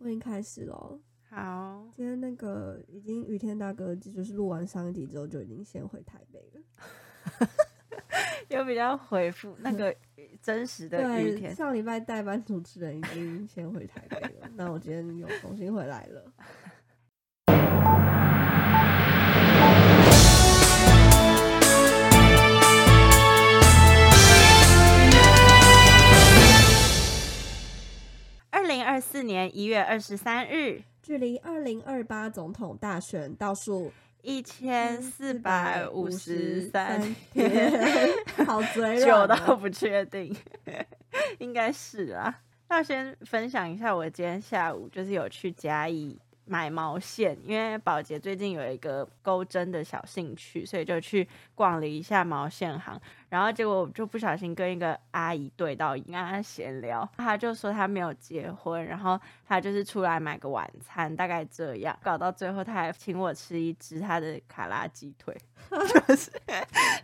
我已經開始了。好，今天那個已經雨天大哥，就是錄完上一集之後就已經先回台北了，有 比較回復那個真實的雨天。 上禮拜代班主持人已經先回台北了， 那我今天又重新回來了。 四年一月二十三日，距離二零二八總統大選倒數一千四百五十三天， 好追，我倒不確定， 應該是啊。那先分享一下，我今天下午就是有去甲乙買毛線，因為飽潔最近有一個鈎針的小興趣，所以就去逛了一下毛線行。然後結果我就不小心跟一個阿姨對到眼，跟他閒聊，她就說她沒有結婚，然後她就是出來買個晚餐，大概這樣。搞到最後，他還請我吃一隻他的卡拉雞腿， 就是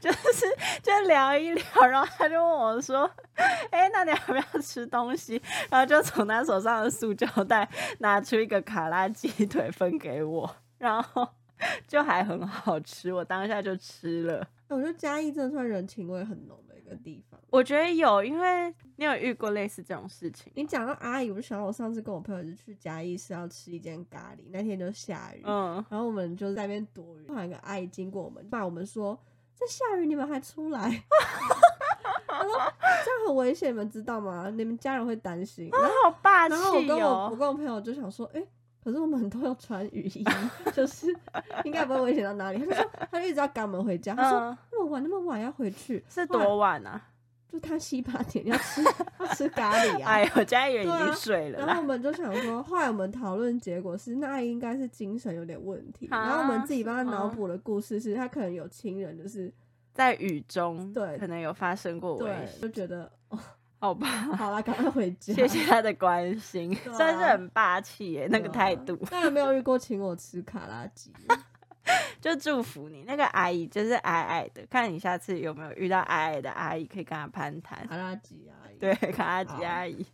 就是就聊一聊，然後他就問我說：“哎、欸，那你還要不要吃東西？”然後就從他手上的塑膠袋拿出一個卡拉雞腿分給我，然後就還很好吃，我當下就吃了。我覺得嘉義真的算人情味很濃的一個地方。我覺得有，因為你有遇過類似這種事情。你講到阿姨，我就想到我上次跟我朋友就去嘉義是要吃一間咖喱，那天就下雨，嗯，然後我們就在那邊躲雨，突然一個阿姨經過我們，罵我們說：“在下雨你們還出來，哈哈哈哈哈， 這樣很危險，你們知道嗎？你們家人會擔心。啊”然後、啊、好霸氣、哦，然後我跟我我跟我朋友就想說：“誒可是我們都要穿雨衣， 就是應該不會危險到哪裡。他說，他就一直要趕我們回家。嗯、他說，那麼晚那麼晚要回去是多晚啊？就他七八點要吃 要吃咖喱啊！哎，我家也已經睡了、啊。然後我們就想說，後來我們討論結果是，那應該是精神有點問題。啊、然後我們自己幫他腦補的故事是，啊、他可能有親人，就是在雨中，對，可能有發生過危險，對就覺得。哦好吧，好了，趕快回去。謝謝他的關心，啊、算是很霸氣耶，欸，啊、那個態度。那個沒有遇過，請我吃卡拉吉， 就祝福你。那個阿姨就是矮矮的，看你下次有沒有遇到矮矮的阿姨，可以跟她攀談。卡拉吉阿姨，對，卡拉吉阿姨。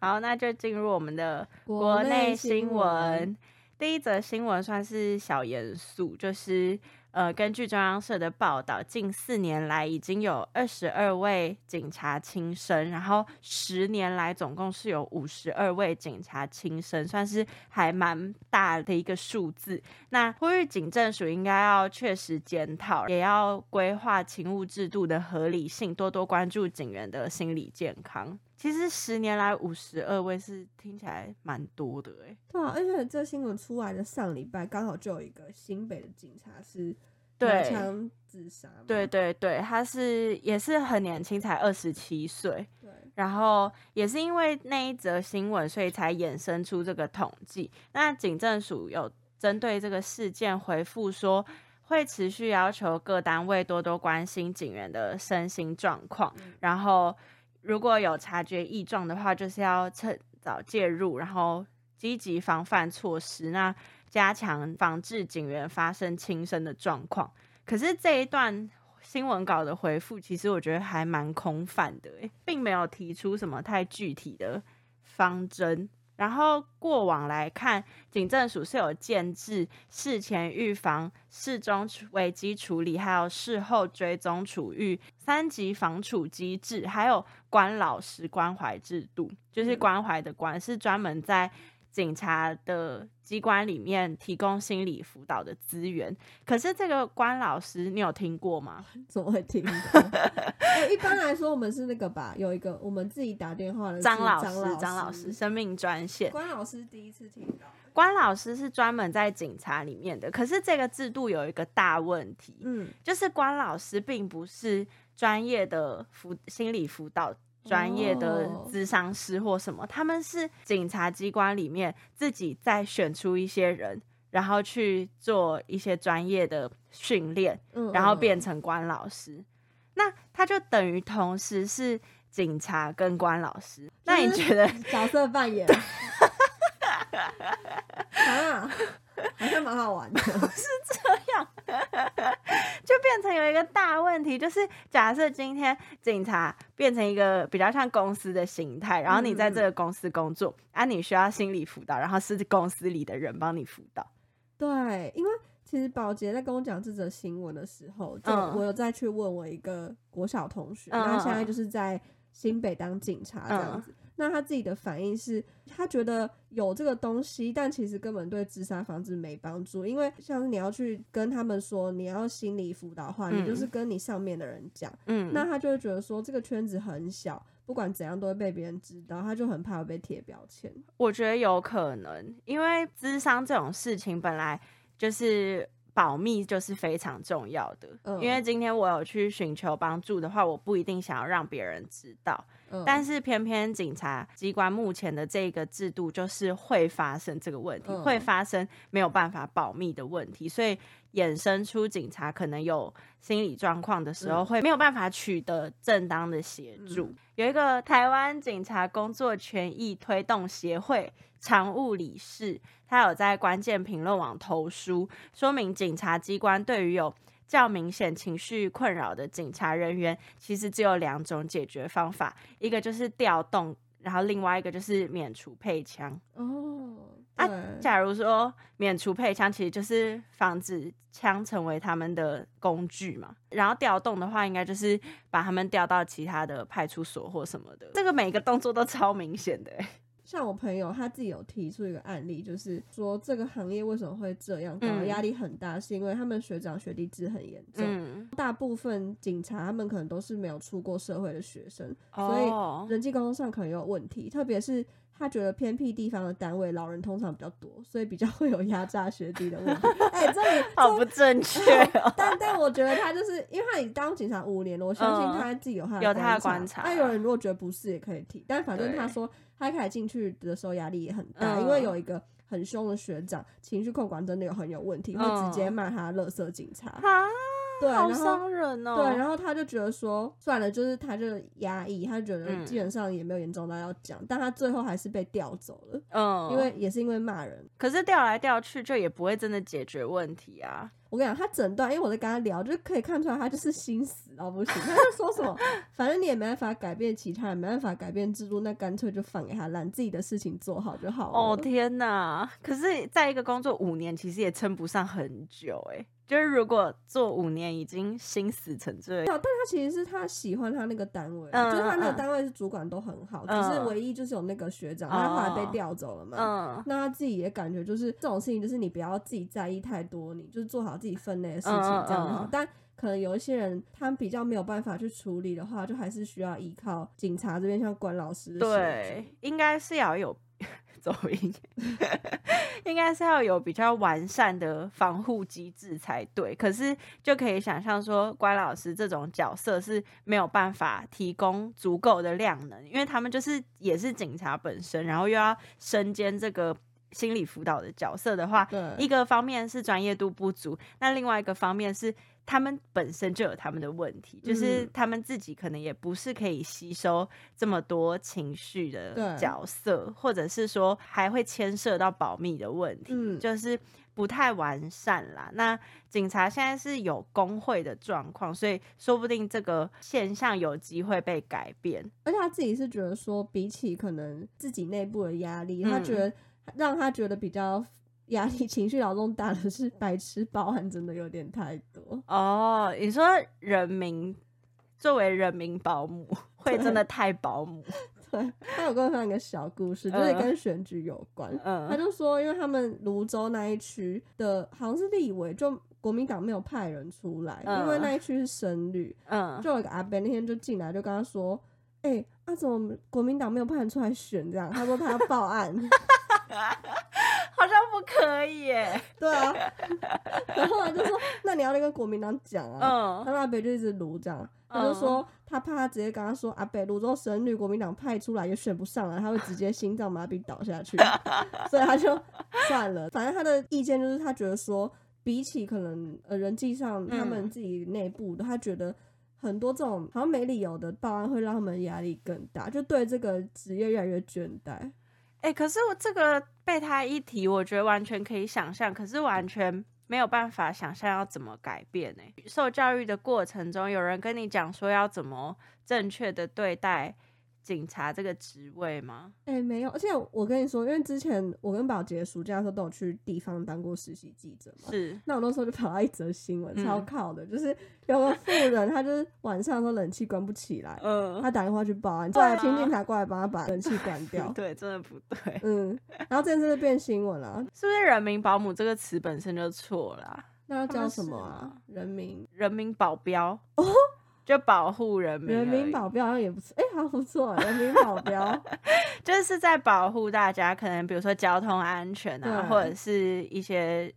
好， 好，那就進入我們的國內新聞。新聞第一則新聞算是小嚴肅，就是。呃，根據中央社的報道，近四年來已經有二十二位警察輕生，然後十年來總共是有五十二位警察輕生，算是還蠻大的一個數字。那呼籲警政署應該要確實檢討，也要規劃勤務制度的合理性，多多關注警員的心理健康。其實十年來五十二位是聽起來蠻多的哎、欸，對啊，而且這新聞出來的上禮拜剛好就有一個新北的警察是自殺，槍自殺，對對對，他是也是很年輕，才二十七歲，對，然後也是因為那一則新聞，所以才衍生出這個統計。那警政署有針對這個事件回復說，會持續要求各單位多多關心警員的身心狀況，嗯、然後。如果有察覺異狀的話，就是要趁早介入，然後積極防範措施，那加強防治警員發生輕生的狀況。可是這一段新聞稿的回覆，其實我覺得還蠻空泛的，哎，並沒有提出什麼太具體的方針。然後過往來看，警政署是有建置事前預防、事中危機處理，還有事後追蹤處遇三級防處機制，還有關老師關懷制度，就是關懷的關，是專門在。警察的機關裡面提供心理輔導的資源，可是這個關老師你有聽過嗎？怎麼會聽過、 欸？一般來說我們是那個吧，有一個我們自己打電話的張老師，張老師，張老師生命專線，關老師第一次聽到。關老師是專門在警察裡面的，可是這個制度有一個大問題，嗯，就是關老師並不是專業的輔心理輔導。專業的諮商師或什麼，oh. 他們是警察機關裡面自己再選出一些人，然後去做一些專業的訓練，oh. 然後變成關老師。Oh. 那他就等於同時是警察跟關老師。就是、那你覺得角色扮演？啊。還是蠻好玩的， 是這樣， 就變成有一個大問題，就是假設今天警察變成一個比較像公司的形態，然後你在這個公司工作，嗯、啊，你需要心理輔導，然後是公司裡的人幫你輔導。對，因為其實飽潔在跟我講這則新聞的時候，就我有再去問我一個國小同學，嗯、他現在就是在新北當警察這樣子。嗯那他自己的反應是，他覺得有這個東西，但其實根本對自殺防治沒幫助，因為像是你要去跟他們說你要心理輔導的話，嗯、你就是跟你上面的人講，嗯，那他就會覺得說這個圈子很小，不管怎樣都會被別人知道，他就很怕被貼標籤。我覺得有可能，因為諮商這種事情本來就是。保密就是非常重要的，因為今天我有去尋求幫助的話，我不一定想要讓別人知道。但是偏偏警察機關目前的這個制度，就是會發生這個問題，會發生沒有辦法保密的問題，所以。衍生出警察可能有心理狀況的時候，會沒有辦法取得正當的協助。有一個台灣警察工作權益推動協會常務理事，他有在關鍵評論網投書，說明警察機關對於有較明顯情緒困擾的警察人員，其實只有兩種解決方法，一個就是調動。然後另外一個就是免除配槍哦，oh, 對啊，假如說免除配槍，其實就是防止槍成為他們的工具嘛。然後調動的話，應該就是把他們調到其他的派出所或什麼的。這個每個動作都超明顯的耶。像我朋友他自己有提出一個案例，就是說這個行業為什麼會這樣感到壓力很大，嗯、是因為他們學長學弟制很嚴重，嗯、大部分警察他們可能都是沒有出過社會的學生，所以人際溝通上可能有問題，特別是。他覺得偏僻地方的單位老人通常比較多，所以比較會有壓榨學弟的問題。哎、 欸，這裡，這裡好不正確、喔嗯。但但我覺得他就是因為他已經當警察五年了，我相信他自己有他的、嗯、有他的觀察。那有人如果覺得不是也可以提，但反正他說對他一開始進去的時候壓力也很大，嗯、因為有一個很凶的學長，情緒控管真的有很有問題，嗯、會直接罵他“垃圾警察”哈。對，然後對、啊，然後他就覺得說算了，就是他就壓抑，他覺得基本上也沒有嚴重到要講，嗯、但他最後還是被調走了，嗯，因為也是因為罵人。可是調來調去這也不會真的解決問題啊！我跟你講，他整段，因為我在跟他聊，就可以看出來他就是心死到不行。他就說什麼， 反正你也沒辦法改變其他人，沒辦法改變制度，那乾脆就放給他，讓自己的事情做好就好了。哦天哪！可是在一個工作五年，其實也稱不上很久哎。就是如果做五年已經心死沉醉，但他其實是他喜歡他那個單位、啊，嗯、就是他那個單位是主管都很好，可、嗯、是唯一就是有那個學長，嗯、他後來被調走了嘛，嗯、那他自己也感覺就是這種事情就是你不要自己在意太多，你就是做好自己分內的事情這樣好，嗯嗯、但可能有一些人他比較沒有辦法去處理的話，就還是需要依靠警察這邊像關老師，對，應該是要有。走音， 應該是要有比較完善的防護機制才對。可是就可以想象說，關老師這種角色是沒有辦法提供足夠的量能，因為他們就是也是警察本身，然後又要身兼這個心理輔導的角色的話，對一個方面是專業度不足，那另外一個方面是。他們本身就有他們的問題，嗯、就是他們自己可能也不是可以吸收這麼多情緒的角色，對或者是說還會牽涉到保密的問題，嗯、就是不太完善啦。那警察現在是有工會的狀況，所以說不定這個現象有機會被改變。而且他自己是覺得說，比起可能自己內部的壓力，嗯、他覺得讓他覺得比較。壓力、情緒、勞動打的是白痴。報案真的有點太多哦。你說人民作為人民保母會真的太保母？對他有跟上一個小故事，呃、就是跟選舉有關。呃、他就說，因為他們蘆洲那一區的好像是立委，就國民黨沒有派人出來，呃、因為那一區是深綠。嗯、呃，就有個阿伯那天就進來，就跟他說：“哎、欸，啊，怎麼國民黨沒有派人出來選？”這樣他說他要報案。 好像不可以耶。對啊， 然後他就說，那你要來跟國民黨講啊。嗯。他阿北就一直盧這樣，嗯、他就說他怕他直接跟他說阿北盧，之後神女國民黨派出來也選不上了，他會直接心臟麻痹倒下去。 所以他就算了，反正他的意見就是他覺得說，比起可能呃人際上他們自己內部，嗯、他覺得很多這種好像沒理由的報案，會讓他們壓力更大，就對這個職業越來越倦怠。哎、欸，可是我這個。被他一提，我覺得完全可以想象，可是完全沒有辦法想象要怎麼改變。受教育的過程中，有人跟你講說要怎麼正確的對待警察這個職位嗎？哎，沒有，而且我跟你說，因為之前我跟保潔暑假的時候都有去地方當過實習記者嘛，是。那我那時候就跑到一則新聞，超靠的，就是有個婦人，他就是晚上都冷氣關不起來，嗯，他打電話去報案，後來聽警察過來幫他把冷氣關掉，對，真的不對，嗯。然後這件事就變新聞了，是不是“人民保姆”這個詞本身就錯了？那叫什麼？人民人民保鏢？哦。就保護人民，人民、欸，人民保鏢好像也不錯，哎，好像不錯。人民保鏢就是在保護大家，可能比如說交通安全啊，對或者是一些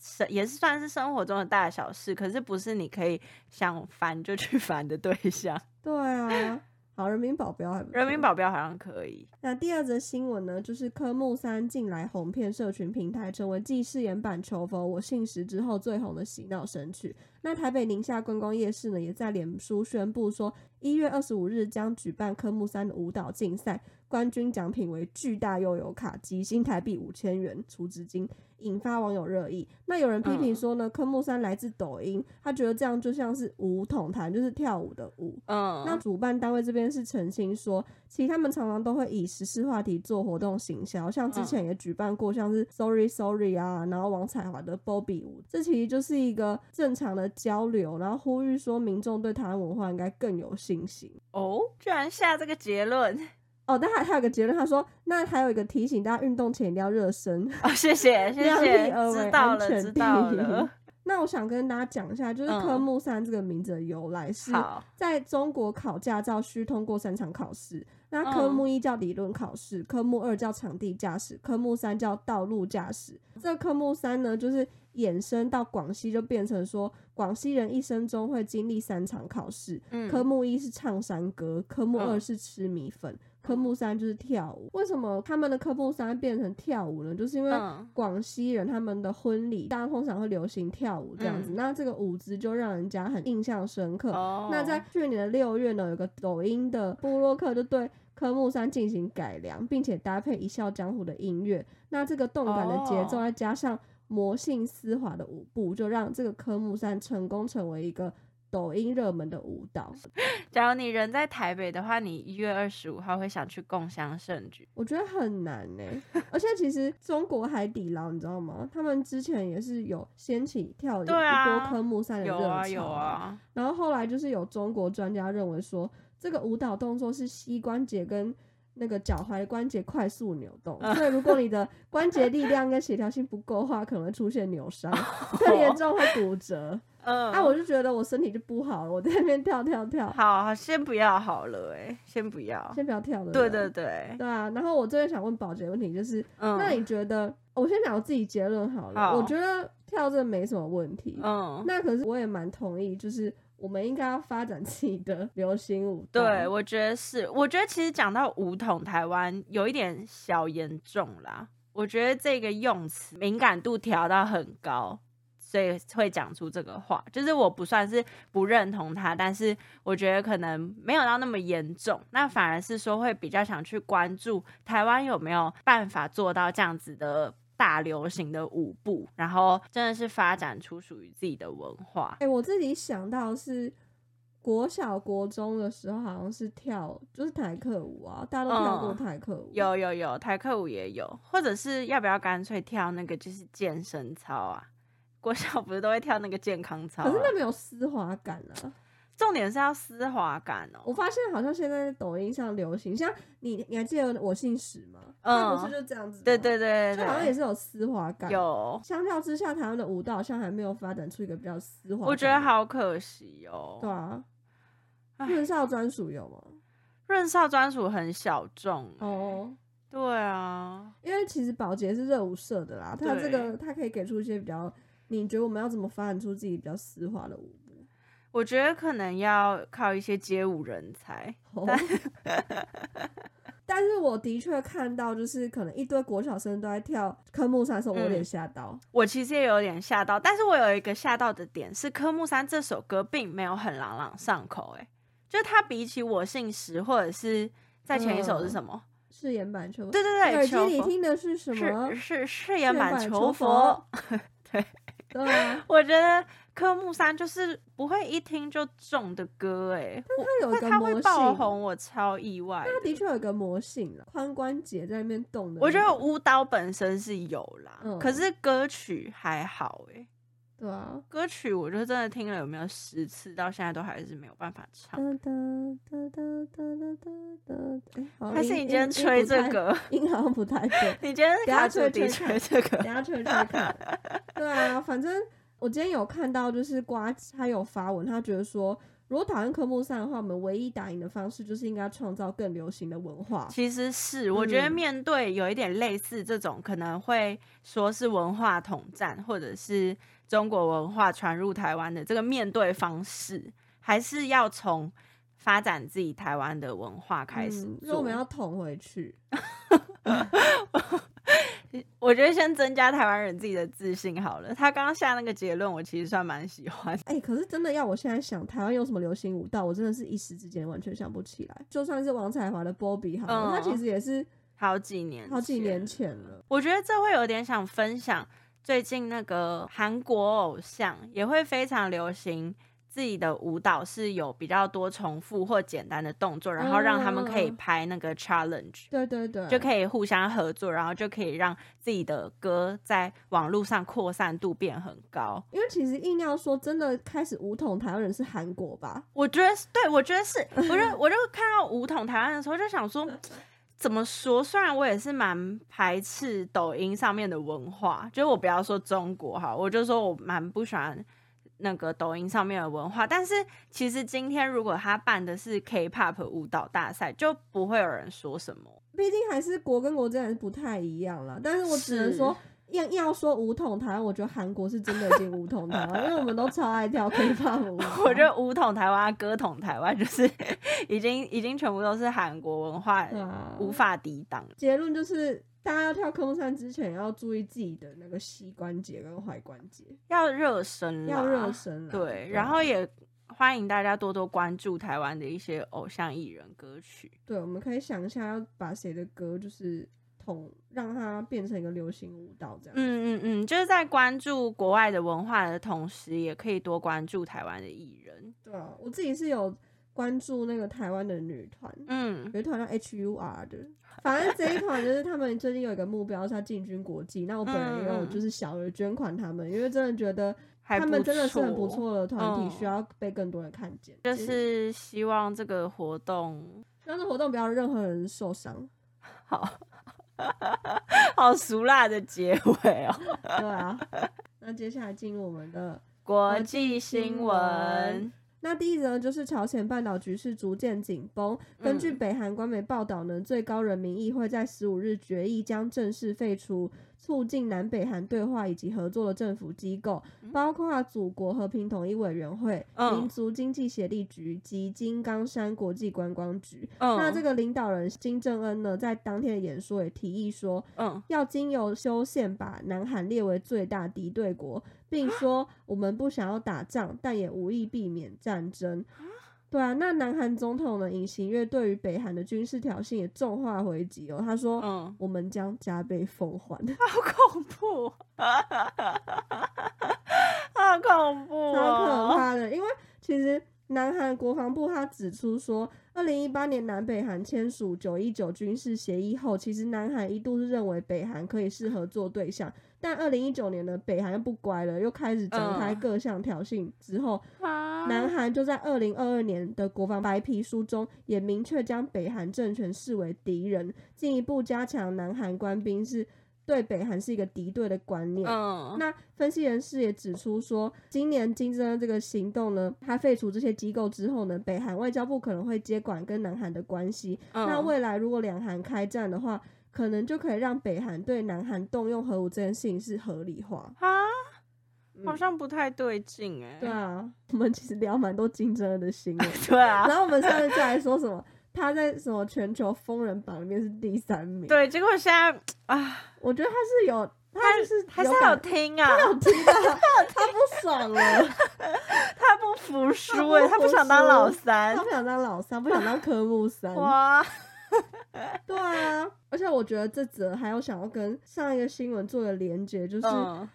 生也是算是生活中的大的小事，可是不是你可以想煩就去煩的對象。對啊，好，人民保鏢還不人民保鏢好像可以。那第二則新聞呢，就是科目三近來紅遍社群平台，成為繼誓言版、求《求佛我信實》之後最紅的洗腦神曲。那台北寧夏觀光夜市呢，也在臉書宣布說，一月二十五日將舉辦科目三的舞蹈競賽，冠軍獎品為巨大悠遊卡及新台幣五千元儲值金，引發網友熱議。那有人批評說呢，科目三來自抖音，他覺得這樣就像是舞統台，就是跳舞的舞。嗯，那主辦單位這邊是澄清說，其實他們常常都會以時事話題做活動行銷，像之前也舉辦過像是 Sorry Sorry 啊，然後王彩樺的 Bobby 舞，這其實就是一個正常的。交流，然後呼籲說，民眾對台灣文化應該更有信心哦，居然下這個結論哦，但他還有個結論，他說，那還有一個提醒大家運動前一定要熱身哦，謝謝，謝謝，知，知道了知道了。那我想跟大家講一下，就是科目三這個名字的由來是，在中國考駕照需通過三場考試。那科目一叫理論考試，科目二叫場地駕駛，科目三叫道路駕駛。這科目三呢，就是衍生到廣西，就變成說，廣西人一生中會經歷三場考試。嗯。科目一是唱山歌，科目二是吃米粉。嗯科目三就是跳舞，為什麼他們的科目三變成跳舞呢？就是因為廣西人他們的婚禮，大家通常會流行跳舞這樣子，嗯、那這個舞姿就讓人家很印象深刻。哦、那在去年的六月呢，有個抖音的部落客就對科目三進行改良，並且搭配《一笑江湖》的音樂，那這個動感的節奏再加上魔性絲滑的舞步，就讓這個科目三成功成為一個。抖音熱門的舞蹈，假如你人在台北的話，你一月二十五號會想去共享盛舉？我覺得很難呢、欸。 而且其實中國海底撈，你知道嗎？他們之前也是有掀起跳一波科目三的熱潮。有啊，有啊，然後後來就是有中國專家認為說，這個舞蹈動作是膝關節跟那個腳踝關節快速扭動， 所以如果你的關節力量跟協調性不夠的話，可能會出現扭傷，太嚴 重會骨折。嗯，那、啊、我就覺得我身體就不好了，我在那邊跳跳跳。好，先不要好了、欸，哎，先不要，先不要跳了。對對對，對啊。然後我最近想問飽潔問題，就是，嗯、那你覺得，我先講我自己結論好了，好，我覺得跳這沒什麼問題。嗯，那可是我也蠻同意，就是我們應該要發展自己的流行舞。對，我覺得是。我覺得其實講到舞統台灣，有一點小嚴重啦。我覺得這個用詞敏感度調到很高。所以會講出這個話，就是我不算是不認同他，但是我覺得可能沒有到那麼嚴重，那反而是說會比較想去關注台灣有沒有辦法做到這樣子的大流行的舞步，然後真的是發展出屬於自己的文化。哎、欸，我自己想到是國小國中的時候，好像是跳就是台客舞啊，大家都跳過台客舞，哦，有有有台客舞也有，或者是要不要乾脆跳那個就是健身操啊？國小不是都會跳那個健康操？可是那沒有絲滑感啊！重點是要絲滑感哦。我發現好像現在抖音上流行，像你，你還記得我姓史嗎？嗯，他不是就這樣子？對對對，就好像也是有絲滑感。有，相較之下，台灣的舞蹈好像還沒有發展出一個比較絲滑。我覺得好可惜哦。對啊，潤少專屬有嗎？潤少專屬很小眾。哦，對啊，因為其實飽潔是熱舞社的啦，它這個他可以給出一些比較。你覺得我們要怎麼發展出自己比較絲滑的舞步？我覺得可能要靠一些街舞人才。但是我的確看到，就是可能一堆國小生都在跳科目三的時候，我有點嚇到、嗯。我其實也有點嚇到，但是我有一個嚇到的點是，科目三這首歌並沒有很朗朗上口、欸，哎，就是它比起我姓石，或者是在前一首是什麼？誓言版求佛。對對對，耳機裡聽的是什麼？是是誓言版求佛。 對。對、啊、 我覺得科目三就是不會一聽就中的歌哎，但他有一個魔性，他會爆紅，我超意外。但他的確有一個魔性，髖關節在那邊動的。我覺得舞蹈本身是有啦，嗯、可是歌曲還好哎。對啊，歌曲我就真的聽了有沒有十次，到現在都還是沒有辦法唱。噠噠噠噠噠噠噠噠。還是你今天吹這個音好像不太對，你今天給他吹吹這個，給他吹吹看。對啊，反正我今天有看到，就是瓜子他有發文，他覺得說，如果討厭科目三的話，我們唯一打贏的方式就是應該創造更流行的文化。其實是，我覺得面對有一點類似這種，可能會說是文化統戰，或者是。中國文化傳入台灣的這個面對方式，還是要從發展自己台灣的文化開始，所以，嗯、我們要捅回去 我。我覺得先增加台灣人自己的自信好了。他剛剛下那個結論，我其實算蠻喜歡。哎，欸，可是真的要我現在想台灣有什麼流行舞蹈，我真的是一時之間完全想不起來。就算是王彩樺的保庇，好像，嗯、他其實也是好幾年，好幾年前了。我覺得這會有點想分享。最近那個韓國偶像也會非常流行自己的舞蹈，是有比較多重複或簡單的動作，然後讓他們可以拍那個 challenge，哦，對對對，就可以互相合作，然後就可以讓自己的歌在網絡上擴散度變很高。因為其實硬要說真的開始舞統台灣人是韓國吧？我覺得對，我覺得是，我覺得我就看到舞統台灣的時候就想說。 怎麼說？雖然我也是蠻排斥抖音上面的文化，就我不要說中國哈，我就說我蠻不喜歡那個抖音上面的文化。但是其實今天如果他辦的是 K-pop 舞蹈大賽，就不會有人說什麼。畢竟還是國跟國之間還是不太一樣了。但是我只能說。要要說舞統台灣，我覺得韓國是真的已經舞統台灣， 因為我們都超愛跳推棒舞。 武我覺得舞統台灣、啊、歌統台灣就是已經已經全部都是韓國文化、嗯、無法抵擋。結論就是，大家要跳科目三之前要注意自己的那個膝關節跟踝關節，要熱身，要熱身。對，對然後也歡迎大家多多關注台灣的一些偶像藝人歌曲。對，我們可以想一下要把誰的歌就是。同讓它變成一個流行舞蹈這樣。嗯嗯嗯，就是在關注國外的文化的同時，也可以多關注台灣的藝人。對啊，我自己是有關注那個台灣的女團，嗯，女團叫 HUR 的。反正這一團就是他們最近有一個目標是要進軍國際。 那我本人也有就是小額捐款他們，嗯、因為真的覺得他們真的是很不錯的團體，需要被更多人看見。嗯、實就是希望這個活動，讓這個活動不要任何人受傷。好。 好俗辣的結尾哦！ 對啊，那接下來進入我們的國際新聞。那第一呢，就是朝鮮半島局勢逐漸緊繃。根據北韓官媒報道呢，嗯、最高人民議會在十五日決議將正式廢除促進南北韓對話以及合作的政府機構，嗯、包括祖國和平統一委員會、哦、民族經濟協力局及金剛山國際觀光局。哦、那這個領導人金正恩呢，在當天的演說也提議說，哦、要經由修憲把南韓列為最大敵對國。並說我們不想要打仗，蛤但也無意避免戰爭。蛤對啊，那南韓總統的尹錫悅對於北韓的軍事挑釁也重話回擊哦。他說：“嗯，我們將加倍奉還。嗯”好恐怖好恐怖， 好可怕的。因為其實。南韓國防部他指出說，二零一八年南北韓簽署九一九軍事協議後，其實南韓一度是認為北韓可以適合做對象，但二零一九年的北韓又不乖了，又開始展開各項挑釁之後，南韓就在二零二二年的國防白皮書中也明確將北韓政權視為敵人，進一步加強南韓官兵是。對北韓是一個敵對的觀念。Oh. 那分析人士也指出說，今年金正恩這個行動呢，他廢除這些機構之後呢，北韓外交部可能會接管跟南韓的關係。Oh. 那未來如果兩韓開戰的話，可能就可以讓北韓對南韓動用核武這件事情是合理化啊，Huh? 嗯、好像不太對勁哎、欸。對啊，我們其實聊蠻多金正恩的新聞 對啊，然後我們現在再來說什麼？他在什麼全球瘋人榜裡面是第三名，對，結果現在啊，我覺得他是有，他，他是，還是好聽、啊、有聽啊， 他不爽了，他不服輸哎，他不，輸他不想當老三，他不想當老三，不想當科目三，哇， 對啊，而且我覺得這則還有想要跟上一個新聞做個連接，就是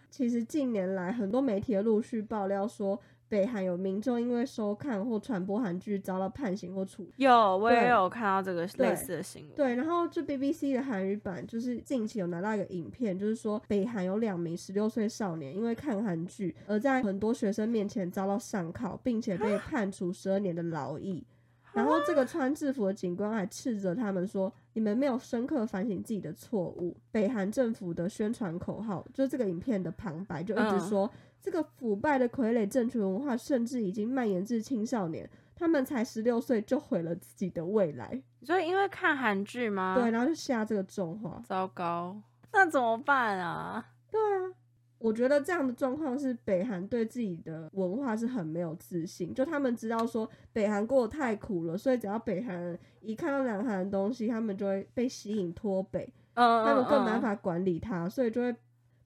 其實近年來很多媒體的陸續爆料說，北韓有民眾因為收看或傳播韓劇遭到判刑或處。有，我也有看到這個類似的新聞。對，然後就 BBC 的韓語版，就是近期有拿到一個影片，就是說北韓有兩名十六歲少年因為看韓劇，而在很多學生面前遭到上銬，並且被判處十二年的勞役。啊。然後這個穿制服的警官還斥責他們說：“你們沒有深刻反省自己的錯誤。”北韓政府的宣傳口號，就是這個影片的旁白，就一直說：“嗯、這個腐敗的傀儡政權文化，甚至已經蔓延至青少年。他們才十六歲就毀了自己的未來。”所以因為看韓劇嗎？對，然後就下這個重話。糟糕，那怎麼辦啊？對啊。我覺得這樣的狀況是北韓對自己的文化是很沒有自信，就他們知道說北韓過得太苦了，所以只要北韓一看到南韓的東西，他們就會被吸引脫北，oh, oh, oh. 他們更沒辦法管理他，所以就會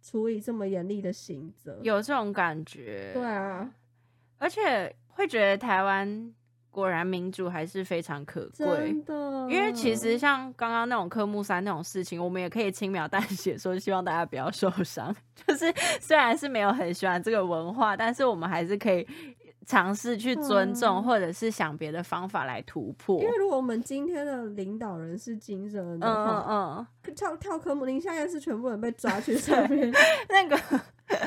處以這麼嚴厲的刑責。有這種感覺，對啊，而且會覺得台灣。果然民主還是非常可貴的，因為其實像剛剛那種科目三那種事情，我們也可以輕描淡寫說，希望大家不要受傷。就是雖然是沒有很喜歡這個文化，但是我們還是可以嘗試去尊重，或者是想別的方法來突破、嗯。因為如果我們今天的領導人是金正恩，的話，嗯嗯，嗯跳跳科目，您現在是全部人被抓去上面 那個。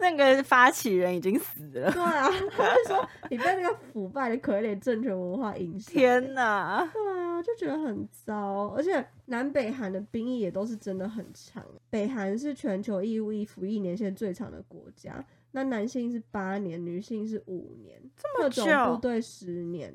那個發起人已經死了。對啊，他會說你被那個腐敗的傀儡政權文化影響、欸。天哪！對啊，就覺得很糟。而且南北韓的兵役也都是真的很長。北韓是全球義務役服役年限最長的國家，那男性是八年，女性是五年，這麼久。部隊十年。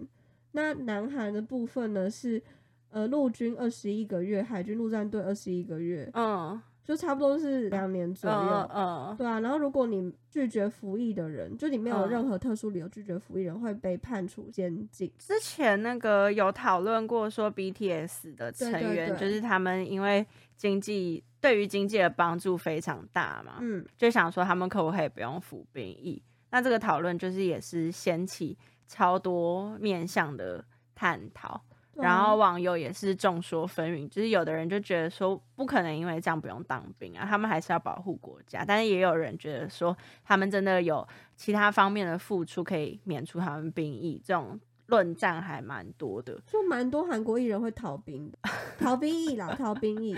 那南韓的部分呢是，呃，陸軍二十一個月，海軍陸戰隊二十一個月。嗯。就差不多是兩年左右，uh, uh, 對啊。然後如果你拒絕服役的人，就你沒有任何特殊理由拒絕服役，人會被判處監禁。之前那個有討論過，說 BTS 的成員，對對對，就是他們因為經濟對於經濟的幫助非常大嘛，嗯，就想說他們可不可以不用服兵役？那這個討論就是也是掀起超多面向的探討。然後網友也是眾說紛紜，就是有的人就覺得說不可能，因為這樣不用當兵啊，他們還是要保護國家。但是也有人覺得說，他們真的有其他方面的付出可以免除他們兵役，這種論戰還蠻多的。就蠻多韓國藝人會逃兵的，逃兵役，老 逃兵役。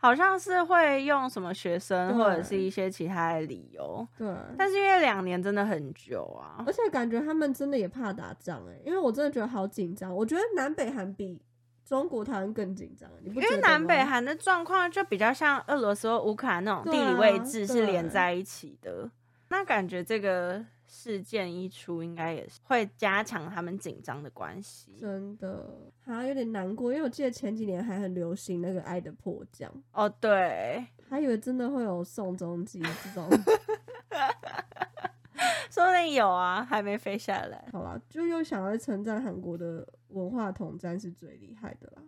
好像是會用什麼學生或者是一些其他的理由，對。對，但是因為兩年真的很久啊，而且感覺他們真的也怕打仗，哎、欸，因為我真的覺得好緊張。我覺得南北韓比中國台灣更緊張，你不覺得嗎？因為南北韓的狀況就比較像俄羅斯和烏克蘭那種地理位置是連在一起的，對那感覺這個。事件一出，應該也是會加強他們緊張的關係。真的，好有點難過，因為我記得前幾年還很流行那個愛的迫降。哦，對，還以為真的會有宋仲基這種， 說不定有啊，還沒飛下來。好了，就又想要稱讚韓國的文化統戰是最厲害的啦。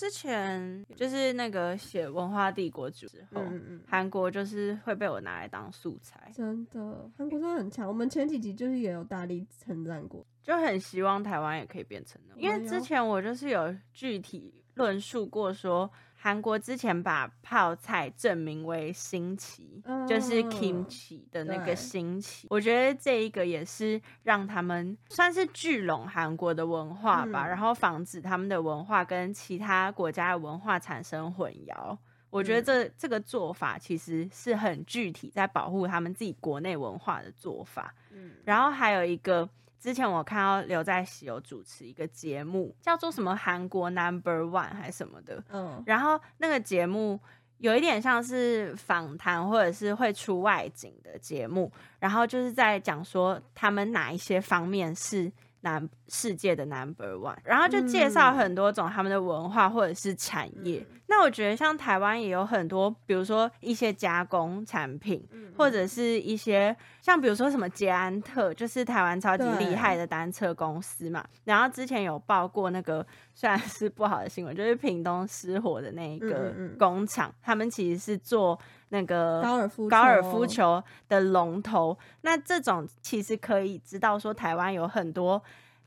之前就是那個寫《文化帝國主義》之後，嗯，韓國就是會被我拿來當素材，真的，韓國真的很強。我們前幾集就是也有大力稱讚過，就很希望台灣也可以變成那種。因為之前我就是有具體論述過說。哎呦韓國之前把泡菜正名為辛奇，oh, 就是 kimchi 的那個辛奇，對我覺得這一個也是讓他們算是聚攏韓國的文化吧，嗯、然後防止他們的文化跟其他國家的文化產生混淆。我覺得這、嗯、這個做法其實是很具體，在保護他們自己國內文化的做法。嗯、然後還有一個。之前我看到劉在熙有主持一個節目，叫做什麼韓國 Number One 還什麼的，嗯，然後那個節目有一點像是訪談，或者是會出外景的節目，然後就是在講說他們哪一些方面是難。世界的 number one，然後就介紹很多種他們的文化或者是產業。嗯、那我覺得像台灣也有很多，比如說一些加工產品，嗯嗯、或者是一些像比如說什麼捷安特，就是台灣超級厲害的單車公司嘛。對然後之前有報過那個雖然是不好的新聞，就是屏東失火的那一個工廠，嗯嗯嗯、他們其實是做那個高爾夫高爾夫球的龍頭。那這種其實可以知道說台灣有很多。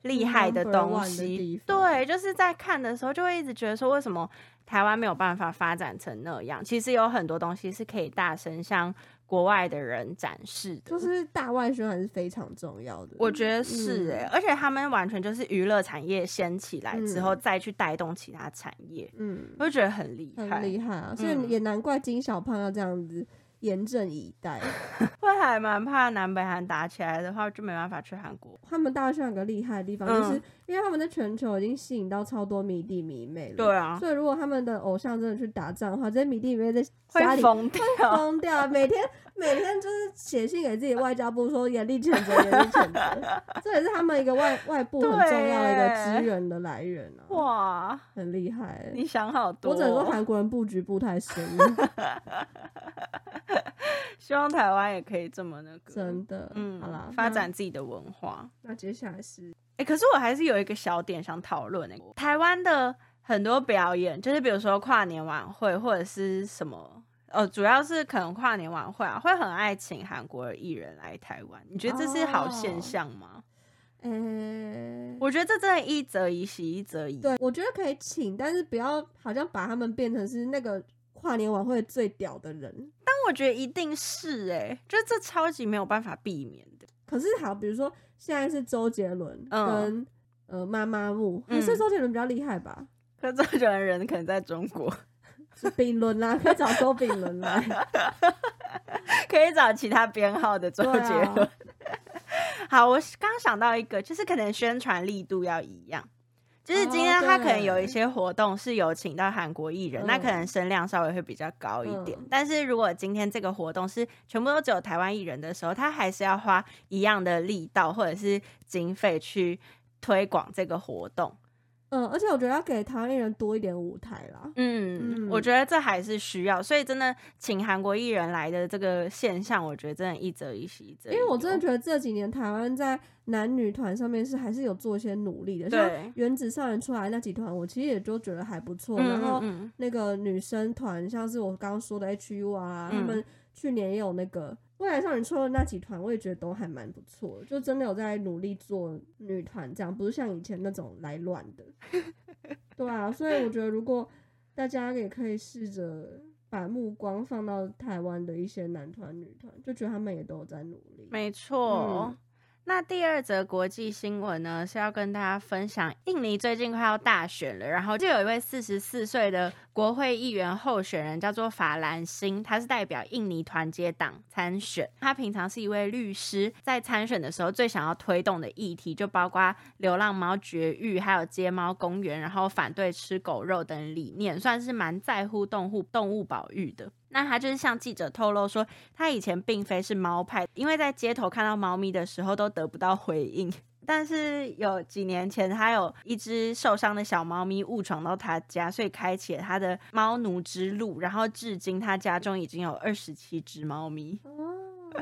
厲害的東西，對，就是在看的時候就會一直覺得說，為什麼台灣沒有辦法發展成那樣？其實有很多東西是可以大聲向國外的人展示的，就是大外宣還是非常重要的。我覺得是哎、欸，而且他們完全就是娛樂產業掀起來之後再去帶動其他產業，嗯，我就覺得很厲害，很厲害啊！所以也難怪金小胖要這樣子。嚴陣以待，會還蠻怕南北韓打起來的話，就沒辦法去韓國。他們大象有一個厲害的地方，就是因為他們在全球已經吸引到超多迷弟迷妹了。對啊，所以如果他們的偶像真的去打仗的話，這些迷弟迷妹在家裡瘋掉。瘋掉，每天每天就是寫信給自己外交部說嚴厲譴責，嚴厲譴責。這也是他們一個外外部很重要的一個資源的來源啊！哇，很厲害。你想好多，我只能說韓國人布局不太深希望台灣也可以這麼那個，真的，嗯，好了啦，發展自己的文化。那，那接下來是，哎、欸，可是我還是有一個小點想討論、欸、台灣的很多表演，就是比如說跨年晚會或者是什麼，呃、哦，主要是可能跨年晚會啊，會很愛請韓國的藝人來台灣。你覺得這是好現象嗎？嗯、oh, 我覺得這真的，一則以喜，一則以。對，我覺得可以請，但是不要好像把他們變成是那個跨年晚會最屌的人。我覺得一定是哎、欸，就這超級沒有辦法避免的。可是好，比如說現在是周杰倫跟，嗯，呃，媽媽木還是周杰倫比較厲害吧？嗯，可周杰倫人可能在中國，是丙倫啦， 可以找周丙倫啦， 可以找其他編號的周杰倫。啊、 好，我剛想到一個，就是可能宣傳力度要一樣。就是今天他可能有一些活動是有請到韓國藝人，oh, 那可能聲量稍微會比較高一點。Oh. 但是如果今天這個活動是全部都只有台灣藝人的時候，他還是要花一樣的力道或者是經費去推廣這個活動。嗯，而且我覺得要給台灣藝人多一點舞台啦。嗯，嗯我覺得這還是需要，所以真的請韓國藝人來的這個現象，我覺得真的一則以喜，一則以憂。因為我真的覺得這幾年台灣在男女團上面是還是有做一些努力的，對像原子少年出來那幾團，我其實也就覺得還不錯。嗯、然後那個女生團，嗯、像是我剛剛說的 H U R 啊，嗯、他們。去年也有那個未來少女出了那幾團，我也覺得都還蠻不錯，就真的有在努力做女團這樣，不是像以前那種來亂的，對啊，所以我覺得如果大家也可以試着把目光放到台灣的一些男團、女團，就覺得他們也都有在努力啊，沒錯。嗯那第二則國際新聞呢，是要跟大家分享印尼最近快要大選了，然後就有一位四十四歲的國會議員候選人叫做法蘭辛，他是代表印尼團結黨參選。他平常是一位律師，在參選的時候最想要推動的議題就包括流浪貓絕育，還有街貓公園，然後反對吃狗肉等理念，算是蠻在乎動物動物保育的。那他就是向記者透露說，他以前並非是貓派，因為在街頭看到貓咪的時候都得不到回應。但是有幾年前，他有一隻受傷的小貓咪誤闖到他家，所以開啟了他的貓奴之路。然後至今，他家中已經有二十七隻貓咪哦，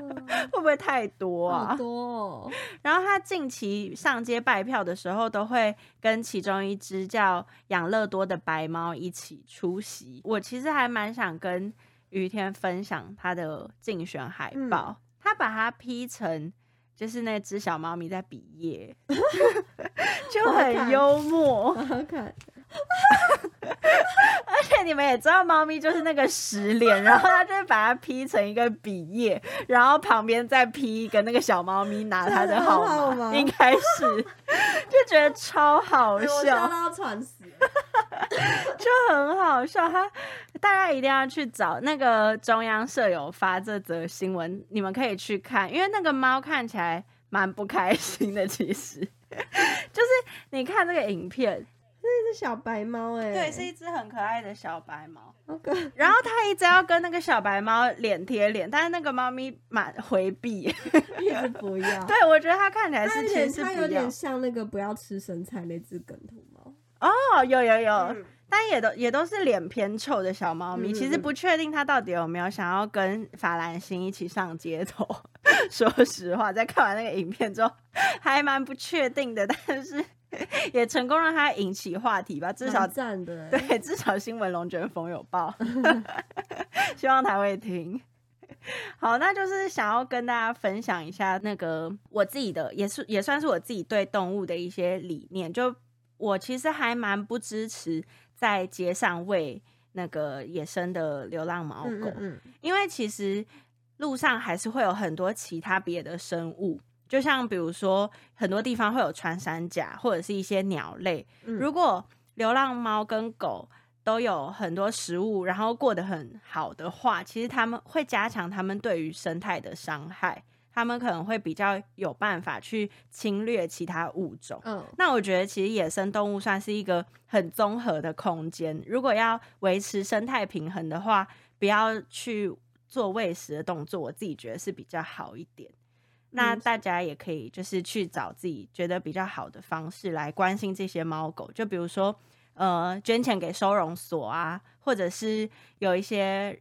會不會太多啊？多、哦。然後他近期上街拜票的時候，都會跟其中一隻叫養樂多的白貓一起出席。我其實還蠻想跟。雨天分享他的競選海報，嗯、他把它 P 成就是那隻小貓咪在比耶， 就很幽默。好看好看 而且你們也知道，貓咪就是那個十連， 然後他就把它 P 成一個比耶，然後旁邊再 P 一個那個小貓咪拿他的號碼，應該是就覺得超好笑，欸、喘死。 就很好笑，他大家一定要去找那個中央社有發這則新聞，你們可以去看，因為那個貓看起來蠻不開心的。其實就是你看這個影片，是一隻小白貓哎、欸，對，是一隻很可愛的小白貓。 然後他一直要跟那個小白貓臉貼臉，但是那個貓咪蠻迴避，一 直不要。對，我覺得它看起來是它而其實是它有點像那個不要吃生菜那隻梗圖嗎？哦，oh, 有有有，嗯、但也都也都是臉偏臭的小貓咪。嗯嗯其實不確定它到底有沒有想要跟法蘭星一起上街頭。說實話，在看完那個影片之後，還蠻不確定的。但是也成功讓它引起話題吧，至少讚的對，至少新聞龍捲風有報。 希望它會聽。好，那就是想要跟大家分享一下那個我自己的，也是也算是我自己對動物的一些理念，就。我其實還蠻不支持在街上餵那個野生的流浪貓狗，嗯嗯嗯。因為其實路上還是會有很多其他別的生物，就像比如說很多地方會有穿山甲或者是一些鳥類。嗯。如果流浪貓跟狗都有很多食物，然後過得很好的話，其實他們會加強他們對於生態的傷害。他們可能會比較有辦法去侵略其他物種。嗯，那我覺得其實野生動物算是一個很綜合的空間。如果要維持生態平衡的話，不要去做餵食的動作，我自己覺得是比較好一點。那大家也可以就是去找自己覺得比較好的方式來關心這些貓狗，就比如說，呃，捐錢給收容所啊，或者是有一些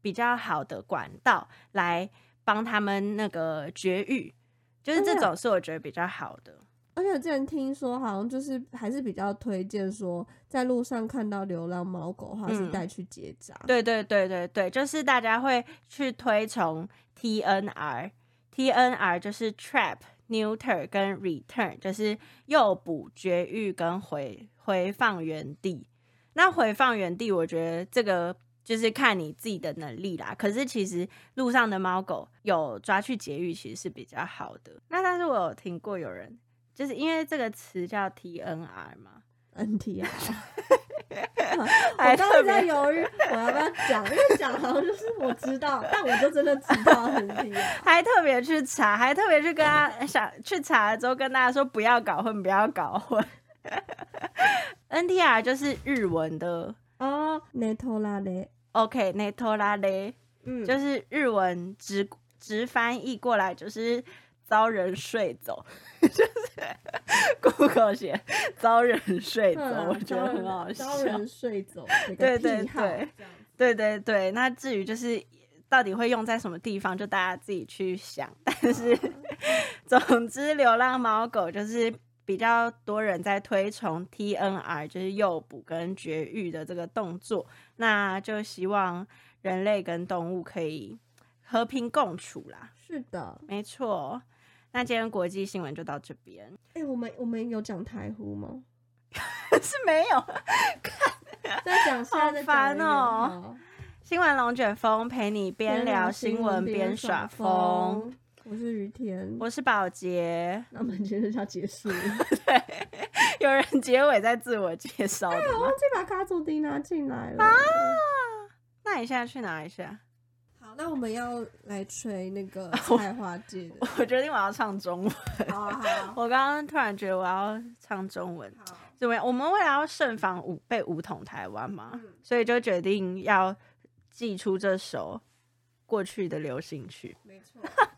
比較好的管道來。幫他們那個絕育，就是這種是我覺得比較好的。而且我之前聽說，好像就是還是比較推薦說，在路上看到流浪貓狗或者是帶去結紮。嗯，對對對對對，就是大家會去推崇 TNR。TNR 就是 Trap、Neuter 跟 Return，就是誘捕、絕育跟回回放原地。那回放原地，我覺得這個。就是看你自己的能力啦。可是其實路上的貓狗有抓去絕育，其實是比較好的。那但是我有聽過有人就是因為這個詞叫 T N R 嘛，N T R。 還特別 我剛剛在猶豫還特別我要不要講，因為講了就是我知道， 但我就真的知道 N T R，還特別去查，還特別去跟大家想去查了之後跟大家說不要搞混，不要搞混。 N T R 就是日文的哦，那拖拉的。OK，那拖拉嘞，嗯，就是日文直直翻譯過來就是遭人睡走， 就是 Google 寫遭人睡走，嗯、我覺得很好笑。遭人,遭人睡走，這個、對對對，樣對對對。那至於就是到底會用在什麼地方，就大家自己去想。但是、嗯、總之，流浪貓狗就是。比較多人在推崇 T N R，就是誘捕跟絕育的這個動作，那就希望人類跟動物可以和平共處啦。是的，沒錯。那今天國際新聞就到這邊。哎、欸，我們我們有講台呼嗎？ 是沒有。在講，好煩哦、喔。新聞龍捲風陪你邊聊新聞邊耍瘋。我是於田，我是飽潔。那我們今天就要結束了。 對，有人結尾在自我介紹、欸。我忘記把卡祖笛拿進來了。啊，那你現在去拿一下？好，那我們要來吹那個泰華街的我。我決定我要唱中文。好啊、好，我剛剛突然覺得我要唱中文。怎麼樣？我們未來要慎防武被武統台灣嘛，嗯、所以就決定要祭出這首過去的流行曲。沒錯錯。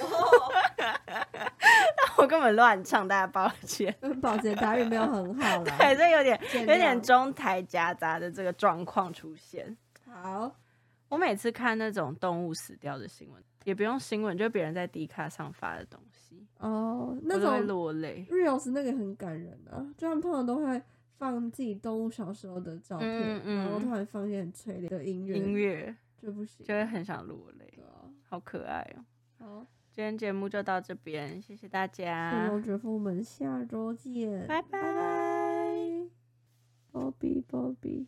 Oh. 我根本亂唱，大家抱歉。抱歉，飽潔台語沒有很好對這有了，有點有點中台夾雜的這個狀況出現。好，我每次看那種動物死掉的新聞，也不用新聞，就別人在迪卡上發的東西哦，oh, 會淚那種落淚。Reels 那個很感人啊，就他們通常都會放自己動物小時候的照片，嗯嗯、然後突然放一些很催淚的音樂，音樂樂就不行，就會很想落淚。對、oh. 好可愛哦。好。Oh. 今天節目就到這邊，謝謝大家，同學我們，下週見，拜拜 bye，波比，波比。